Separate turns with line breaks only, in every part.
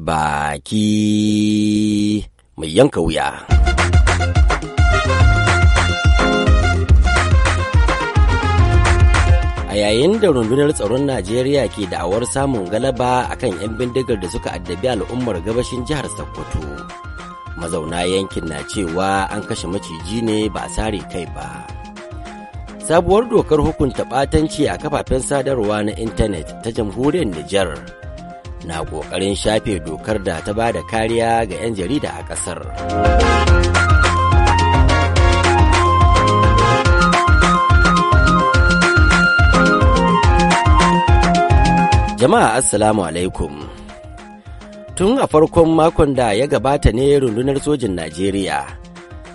baki mai yanka wuya. A yayin da rundunar tsaron Najeriya ke da'awar samun galaba a kan 'yan bindigar da suka addabi al'ummar gabashin jihar Sokoto. Mazauna yankin na cewa an kashe maciji ne ba a sare kai ba. sabuwar dokar hukunta batanci a kafafen sadarwa na intanet ta jamhuriyar Nijar na ƙoƙarin shafe dokar da ta ba da kariya ga 'yan jarida a ƙasar. Jama'a Assalamu alaikum. Tun a farkon makon da ya gabata ne rundunar sojin Najeriya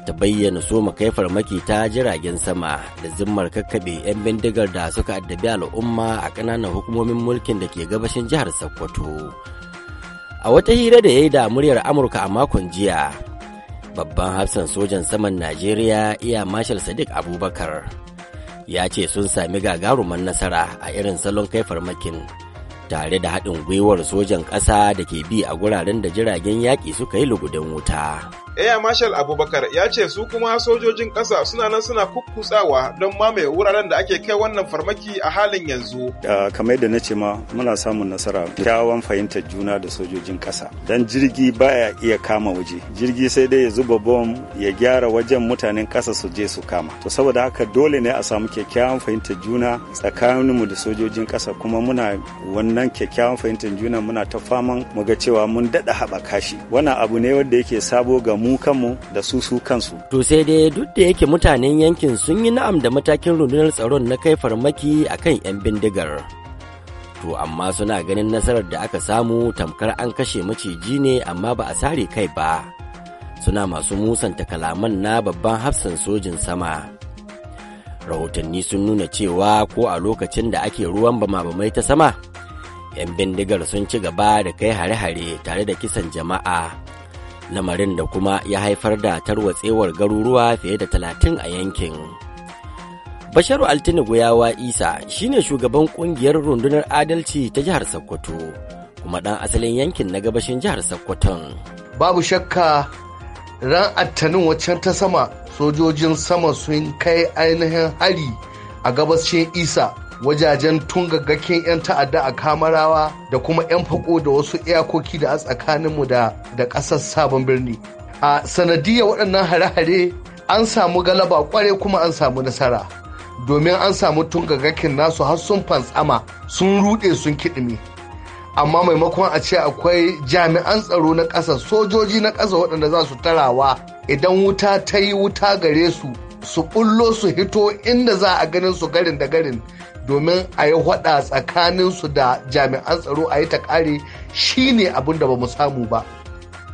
ta bayyana so kai farmaki ta jiragen sama da zimmar kakkaɓe 'yan bindigar da suka addabi al'umma a ƙananan hukumomin mulkin da ke gabashin jihar Sokoto. A wata hira da ya yi da muryar Amurka a makon jiya, babban hafsan sojan saman Najeriya iya Marshal Sadiq Abubakar ya ce sun sami gagaruman nasara a irin salon kai farmakin tare da haɗin gwiwar sojan ƙasa da ke bi a guraren da jiragen yaƙi suka yi lugudin wuta. Air Marshal Abubakar ya ce su kuma sojojin ƙasa suna nan suna kukkutsawa don mamaye wuraren da ake kai wannan farmaki a halin yanzu. Uh, kamar yadda na ce ma muna samun nasara kyawawan fahimtar juna da sojojin ƙasa. Dan jirgi baya iya kama waje. Jirgi sai dai ya zuba bom ya gyara wajen mutanen ƙasa su je su kama. To saboda haka dole ne a samu kyakkyawan fahimtar juna tsakaninmu da sojojin ƙasa kuma muna wannan kyakkyawan fahimtar juna muna ta faman mu ga cewa mun daɗa haɓaka shi. Wannan abu ne wanda yake sabo ga mu kanmu da su su kansu. To sai dai duk da yake mutanen yankin sun yi na'am da matakin rundunar tsaron na kai farmaki akan 'yan bindigar. To amma suna ganin nasarar da aka samu tamkar an kashe maciji ne amma ba a sare kai ba. Suna masu musanta kalaman na babban hafsan sojin sama. Rahotanni sun nuna cewa ko a lokacin da ake ruwan bama-bamai ta sama, 'yan bindigar sun ci gaba da kai hare-hare tare da kisan jama'a. lamarin da kuma ya haifar da tarwatsewar garuruwa fiye da talatin a yankin. Basharu Altini Guyawa Isa shine shugaban kungiyar rundunar adalci ta jihar Sokoto kuma ɗan asalin yankin na gabashin
jihar Sokoton. Babu shakka ran attanin waccan ta sama sojojin sama sun kai ainihin hari a gabashin Isa wajajen gaggakin 'yan ta'adda a kamarawa da kuma 'yan faƙo da wasu iyakoki da a tsakaninmu da ƙasar sabon birni a sanadiyar waɗannan hare-hare an samu galaba kware kuma an samu nasara domin an samu gaggakin nasu har sun fantsama sun ruɗe sun kiɗime amma maimakon a ce akwai jami'an tsaro na ƙasa sojoji na ƙasa waɗanda za su tarawa idan wuta ta yi wuta gare su su ɓullo su hito inda za a ganin su garin da garin domin a yi hwada tsakaninsu da jami'an tsaro a yi ta kare shine abin da ba mu samu ba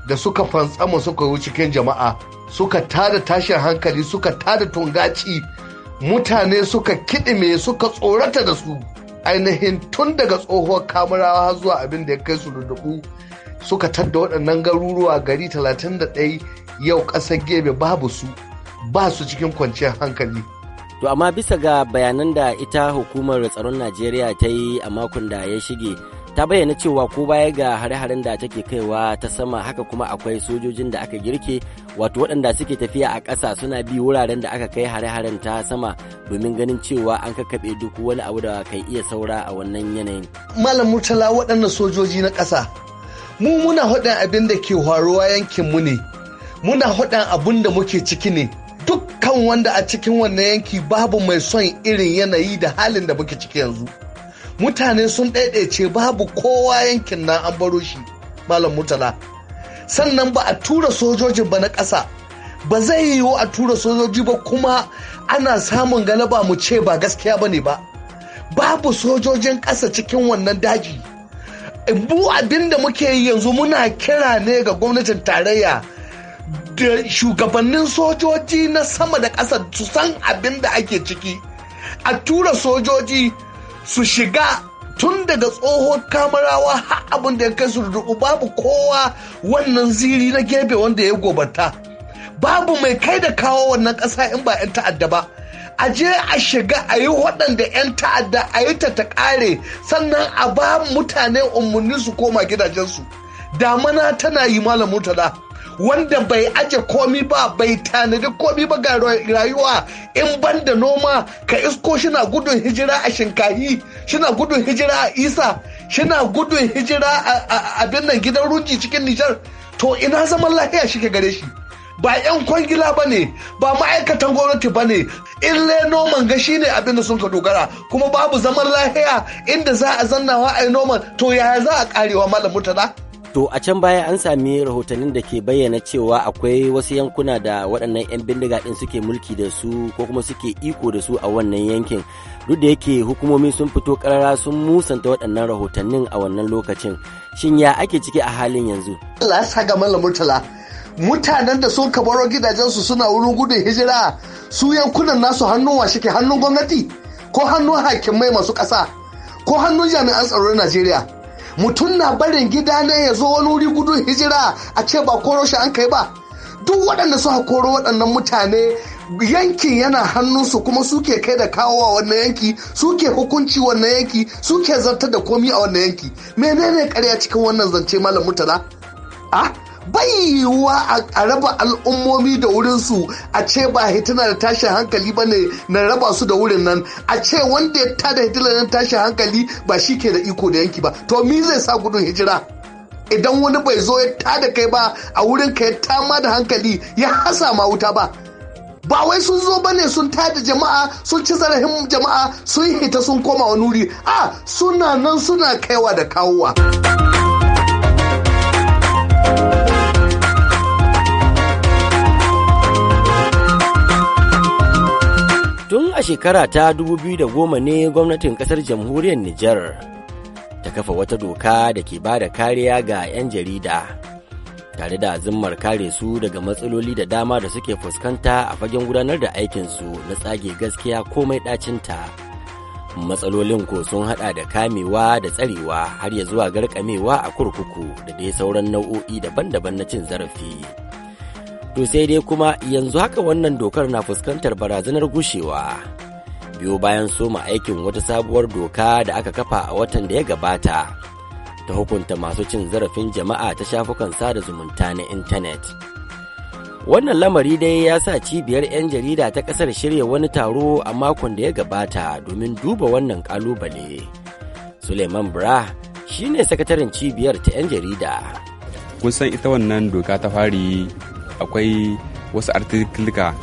da suka fantsama suka yi cikin jama'a suka tada tashin hankali suka tada tungaci mutane suka kiɗime suka tsorata da su ainihin tun daga tsohuwar kamarawa har zuwa abin da ya kai su rudubu suka tadda waɗannan garuruwa gari 31 yau ƙasar gebe babu su ba su cikin kwanciyar hankali
To amma bisa ga bayanan da ita hukumar tsaron Najeriya ta yi a makon da ya shige ta bayyana cewa ko baya ga hare-haren da take kaiwa ta sama haka kuma akwai sojojin da aka girke wato waɗanda suke tafiya a ƙasa suna bi wuraren da aka kai hare-haren ta sama domin ganin cewa an kakkaɓe duk wani abu da kai iya saura a wannan yanayin.
Malam Murtala waɗannan sojoji na ƙasa mu muna haɗa abin da ke faruwa yankin mu ne muna haɗa abin da muke ciki ne kan wanda a cikin wannan yanki babu mai son irin yanayi da halin da muke ciki yanzu mutane sun ɗaiɗaice babu kowa yankin nan an baro shi malam mutala sannan ba a tura sojoji ba na ƙasa ba zai yiwu a tura sojoji ba kuma ana samun galaba mu ce ba gaskiya ba ne ba babu sojojin ƙasa cikin wannan daji bu abin da muke yi yanzu muna kira ne ga gwamnatin tarayya shugabannin sojoji na sama da ƙasa su san abin da ake ciki a tura sojoji su shiga tun daga tsohon kamarawa har abin da ya kai su rubu babu kowa wannan ziri na gebe wanda ya gobata babu mai kai da kawo wannan ƙasa in ba 'yan ta'adda ba a je a shiga a yi waɗanda 'yan ta'adda a yi ta ta ƙare sannan a ba mutane umarni su koma gidajensu damana tana yi malam murtala wanda bai aje komi ba bai tanadi komi ba ga rayuwa in ban da noma ka isko shina gudun hijira a shinkahi shina gudun hijira a isa shina gudun hijira a abin nan gidan runji cikin nijar to ina zaman lahiya shi gare shi ba 'yan kwangila ba ne ba ma'aikatan gwamnati ba ne in noman ga shine abin da sun ka dogara kuma babu zaman lahiya inda za a zannawa a yi noman to yaya za a karewa malam mutana
To a can baya an sami rahotannin da ke bayyana cewa akwai wasu yankuna da waɗannan 'yan bindiga ɗin suke mulki da su ko kuma suke iko da su a wannan yankin. Duk da yake hukumomi sun fito ƙarara sun musanta waɗannan rahotannin a wannan lokacin. Shin ya ake ciki a halin
yanzu? Allah ya murtala. Mutanen da sun kabaro gidajensu suna wurin gudun hijira su yankunan nasu hannun washe ke hannun gwamnati ko hannun hakimai masu ƙasa ko hannun jami'an tsaro na Najeriya. mutum na barin gida ne ya zo wani wuri gudun hijira a ce ba koro shi an kai ba duk waɗanda suka koro waɗannan mutane yankin yana hannunsu kuma suke kai da kawowa wannan yanki suke hukunci wannan yanki suke zartar da komi a wannan yanki menene karya cikin wannan zance malam mutala ah bai yiwuwa a raba al'ummomi da wurinsu a ce ba hituna da tashin hankali ba ne na raba su da wurin nan a ce wanda ya tada hituna da tashin hankali ba shi ke da iko da yanki ba to mi zai sa gudun hijira idan wani bai zo ya tada kai ba a wurin ka ya tama da hankali ya hasa ma wuta ba ba wai sun zo ba ne sun tada jama'a sun ci zarafin jama'a sun hita sun koma wani wuri a suna nan suna kaiwa da kawowa.
Tun a shekara ta dubu biyu da goma ne gwamnatin kasar jamhuriyar Nijar ta kafa wata doka da ke ba da kariya ga 'yan jarida tare da zimmar kare su daga matsaloli da dama da suke fuskanta a fagen gudanar da aikinsu na tsage gaskiya komai ɗacinta. Matsalolin ko sun hada da kamewa da tsarewa har ya zuwa garkamewa a kurkuku da dai sauran nau'o'i daban-daban na cin zarafi. to sai dai kuma yanzu haka wannan dokar na fuskantar barazanar gushewa biyo bayan soma aikin wata sabuwar doka da aka kafa a watan da ya gabata ta hukunta masu cin zarafin jama'a ta shafukan sada zumunta na intanet wannan lamari dai ya sa cibiyar 'yan jarida ta kasar shirya wani taro a makon da ya gabata domin duba wannan kalubale suleiman bra shine sakataren cibiyar ta 'yan jarida kun ita wannan doka ta fari akwai wasu artikulika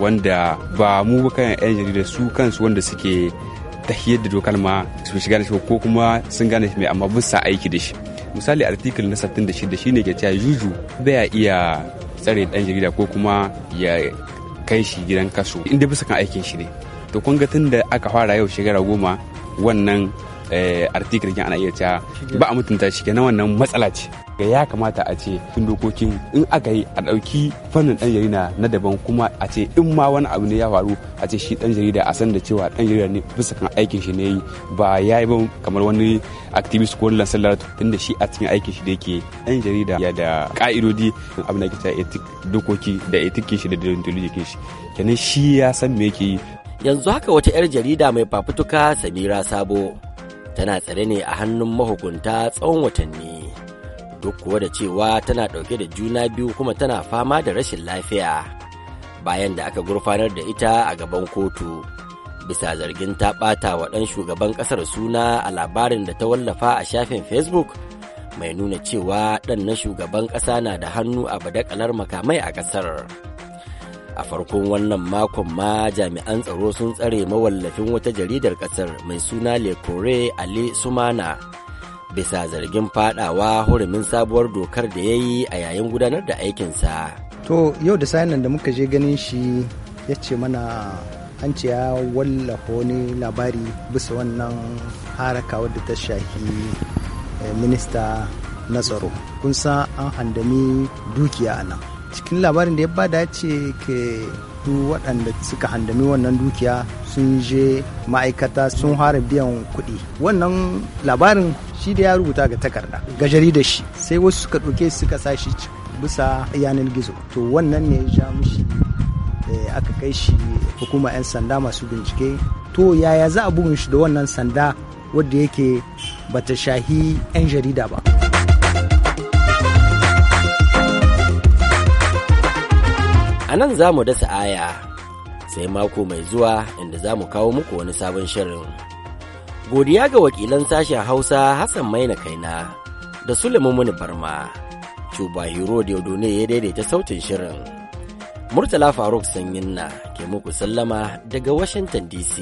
wanda ba mu kan 'yan jarida su kansu wanda suke tahiyar da dokar ma su shiga da shi ko kuma sun gane shi mai amma bin aiki da shi misali artikul na 66 ne ke cewa juju ya iya tsare dan jarida ko kuma ya kai shi gidan kaso inda bisa kan aikin shi ne to kun ga tun da aka fara yau shekara goma wannan eh, artikul ana iya cewa ba a mutunta shi kenan wannan matsala ce ga ya kamata a ce cikin dokokin in aka yi a ɗauki fannin ɗan jarida na daban kuma a ce in ma wani abu ne ya faru a ce shi ɗan jarida a san da cewa ɗan jarida ne bisa kan aikin shi ne yi ba ya yi ba kamar wani activist ko wani tun tunda shi a cikin aikin shi da yake ɗan jarida ya da ƙa'idodi abin da ta etik dokoki da etikin shi da deontology shi kenan shi ya san me yake yi yanzu haka wata 'yar jarida mai fafutuka samira sabo tana tsare ne a hannun mahukunta tsawon watanni duk kuwa da cewa tana ɗauke da juna biyu kuma tana fama da rashin lafiya bayan da aka gurfanar da ita a gaban kotu bisa zargin ta ɓata wa ɗan shugaban ƙasar suna a labarin da ta wallafa a shafin facebook mai nuna cewa ɗan na shugaban ƙasa na da hannu a badakalar makamai a ƙasar a farkon wannan makon ma jami'an tsaro sun tsare mawallafin wata jaridar ƙasar mai suna le ali sumana bisa zargin fadawa hurumin sabuwar dokar da ya yi a yayin gudanar da aikinsa. To yau da sayan da muka je ganin shi ya ce mana an ce ya wallafa wani labari bisa wannan haraka wadda ta shafi eh, minista na tsaro. Kun san an handami dukiya a nan. Cikin labarin da ya bada ce ke duk waɗanda suka handami wannan dukiya sun je ma'aikata sun fara biyan kuɗi wannan labarin shi da ya rubuta ga takarda ga jaridar shi sai wasu suka ɗauke suka sa shi bisa yanar gizo to wannan ne ya ja mushi eh, aka kai shi hukuma 'yan sanda masu bincike to yaya za a bugun shi da wannan sanda wadda yake bata shahi 'yan jarida ba a nan za mu dasa aya sai mako mai zuwa inda za mu kawo muku wani sabon shirin. Godiya ga wakilan sashen Hausa Hassan Maina Kaina da Sulemumuni Barma, Cuba Hero Yodone ya daidaita sautin shirin. Murtala Faruk Sanyinna ke muku sallama daga Washington DC.